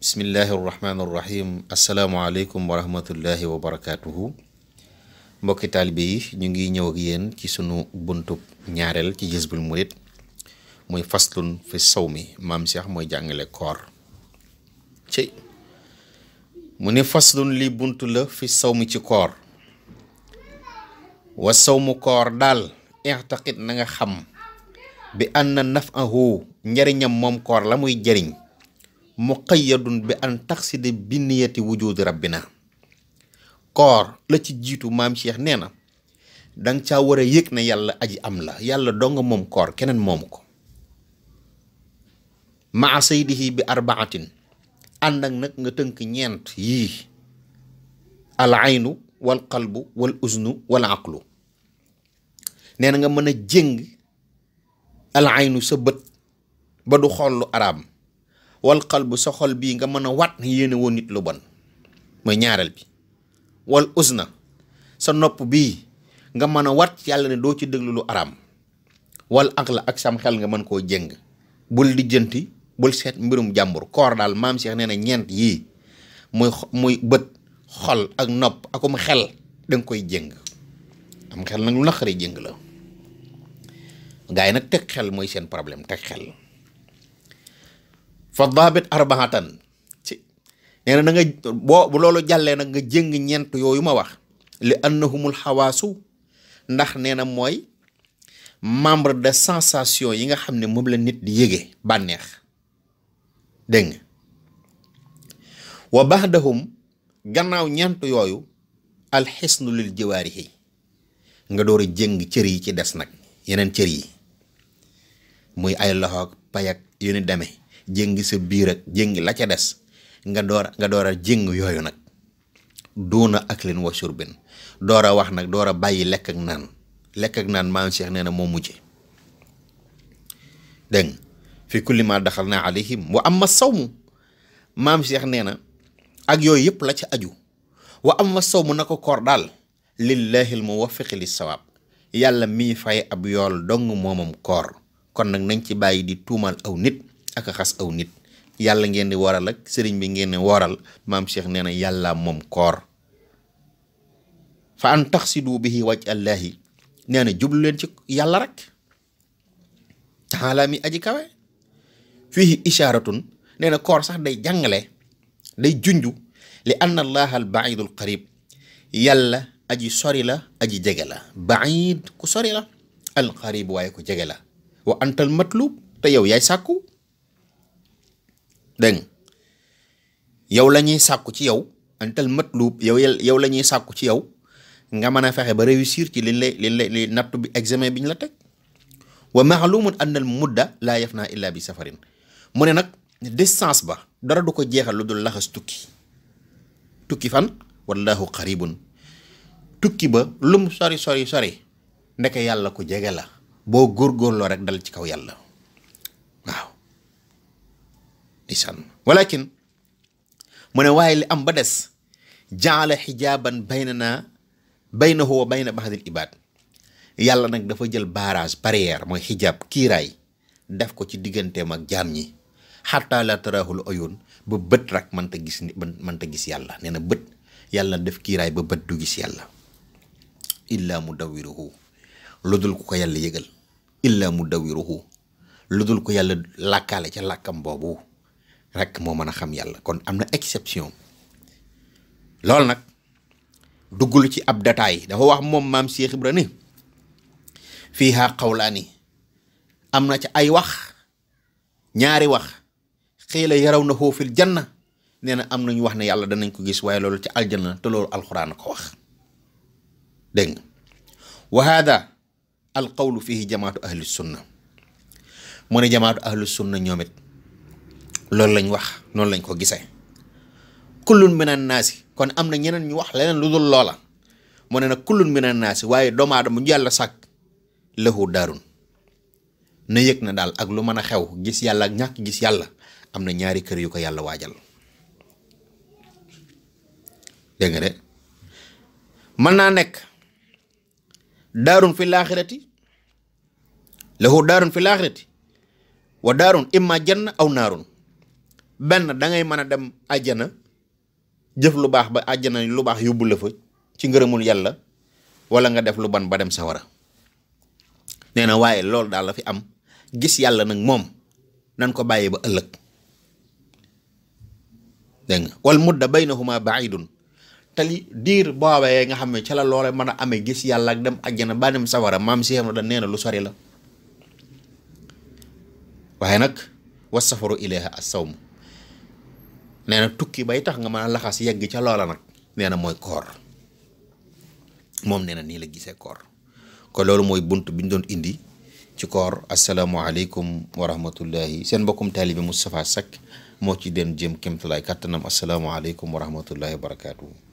bismillahi rahmaani rahim asalaamualeykum wa rahmatullahi wa barakaatuhu mbokki taalibe yi ñu ngi ñëw ak yéen ci sunu buntub ñaareel ci jësbul murit muy faslun fi saw mi maam Cheikh mooy jàngale koor mu ne faslun li bunt la fi saw mi ci koor wa sawmu koor daal ixtaqit na nga xam bi ànd na naf ahu njariñam moom koor la muy jariñ muqayyadun bi an taxside bi niyati wujudi rabbina koor la ci jiitu maam Cheikh nee na danga ca war a yëg ne yàlla aji am la yàlla donga moom koor keneen moomu ko maa saydihi bi arbaatin ànd ak nag nga tënk ñeent yii al aynu wal qalbu wal uznu wal aqlu nee na nga mën a jéng al aynu sa bët ba du xool araam wal qalbu sa xol bii nga mën a wat ne yéene woon nit lu bon mooy ñaareel bi wal na sa nopp bii nga mën a waat yàlla ne doo ci déglu lu araam wal aqla ak sam xel nga mën koo jéng bul dijjanti bul seet mbirum jàmbur koor daal maam Cheikh nee na ñeent yii muy bët xol ak nopp akum xel danga koy jëng am xel nag lu naqari jéng la gaa yi nag teg xel mooy seen problème teg xel fa daabit arbaatan ci nee na da nga loolu jàllee nag nga jëng ñeent yooyu ma wax li annahumul xawaasu ndax nee na mooy membre de sensation yi nga xam ne moom la nit di yëge bànneex dégg nga wa baxdahum gannaaw ñeent yooyu alxisnu lil jawaarihi nga door a jëng cër yi ci des nag yeneen cër yi muy ay loxo ak payak yu ni demee jéngi sa biir ak jéngi la ca des nga door nga door a jéng yooyu nag duuna ak leen wa surbin door a wax nag door a bàyyi lekk ak naan lekk ak naan maam Cheikh nee na moo mujje dégg nga fi kulli ma daxal naa alayhim wa amma sawmu maam Cheikh nee na ak yooyu yëpp la ca aju wa amma sawmu na ko koor daal lillahil muwaffiqi lis sawaab yàlla mii fay ab yool dong moomam koor kon nag nañ ci bàyyi di tuumal aw nit ak a aw nit yàlla ngeen di wooral ak sëriñ bi ngeen di wooral maam Cheikh nee na yàlla moom koor fa an taxsidu bihi waj allahi nee jublu leen ci yàlla rek taala mi aji kawe fii isharatun nee na koor sax day jàngale day junju li anna allaha al baidul qarib yàlla aji sori la aji jege la baid ku sori la al qarib waaye ku jege la wa antal matlub te yow yaay sàkku dégg yow la ñuy sàkku ci yow antal matlub yow la ñuy sàkku ci yow nga mën a fexe ba réussir ci liñ lay liñ lay nattu bi examen bi ñu la teg wa maalumun anna al mudda laa yaf naa illaa bi safarin mu ne nag distance ba dara du ko jeexal lu dul laxas tukki tukki fan wallahu qaribun tukki ba lum sori sori sori ndeke yàlla ku jege la boo góor góorloo rek dal ci kaw yàlla waaw di mu ne waaye li am ba des jaala xijaaban baynana baynahu wa bayna baxdil ibaad yàlla nag dafa jël barrage barrière mooy xijaab kiiraay def ko ci digganteem ak jaam ñi xataa la tarahul oyun ba bët rak mënta gis yàlla nee na bët yàlla def kiiraay ba bët du gis yàlla illaa mu dawiruhu lu lu dul ko yàlla làkkaale ca làkkam boobu rek moo mën a xam yàlla kon am na exception loolu nag duggul ci ab détail dafa wax moom maam Cheikh Ibra ni fiiha qawlaani am na ci ay wax ñaari wax xiila yaraw na xoo fil janna nee na am nañu wax ne yàlla danañ ko gis waaye loolu ci aljanna te loolu alxuraan ko wax dégg nga wa hada alqawlu fihi jamaatu ahli sunna mu ne jamaatu ahli sunna ñoom it loolu lañ wax noonu lañ ko gisee kullun minan naasi kon am na ñeneen ñu wax leneen lu dul loola mu ne nag kullun minan naasi waaye doomu aadama ñu yàlla sàkk lahu daarun na yëg na daal ak lu mën a xew gis yàlla ak ñàkk gis yàlla am na ñaari kër yu ko yàlla waajal dégg de mën naa nekk daarun fi laaxirati lahu daarun fi laaxirati wa daarun imma janna aw naarun benn dangay ngay mën a dem àjjana jëf lu baax ba àjjana lu baax yóbbu la ci ngërëmul yàlla wala nga def lu ban ba dem sawara nee na waaye loolu daal la fi am gis yàlla nag moom nan ko bàyyi ba ëllëg dégg nga wal mudda baynahuma baidun te li diir boobee nga xam ne ca la loola mën a amee gis yàlla ak dem àjjana ba dem sawara maam si xam da nee na lu sori la waaye nag was wasafaru ilayha as-sawm nee na tukki bay tax nga mën a laxas yegg ca loola nag nee na mooy koor moom nee na nii la gisee koor kon loolu mooy bunt bi ñu doon indi ci koor asalaamaaleykum wa rahmatullahi seen mbokkum taalibe Moustapha Seck moo ci den jëm kémtulaay kàttanam asalaamaaleykum wa rahmatullahi wa barakaatu.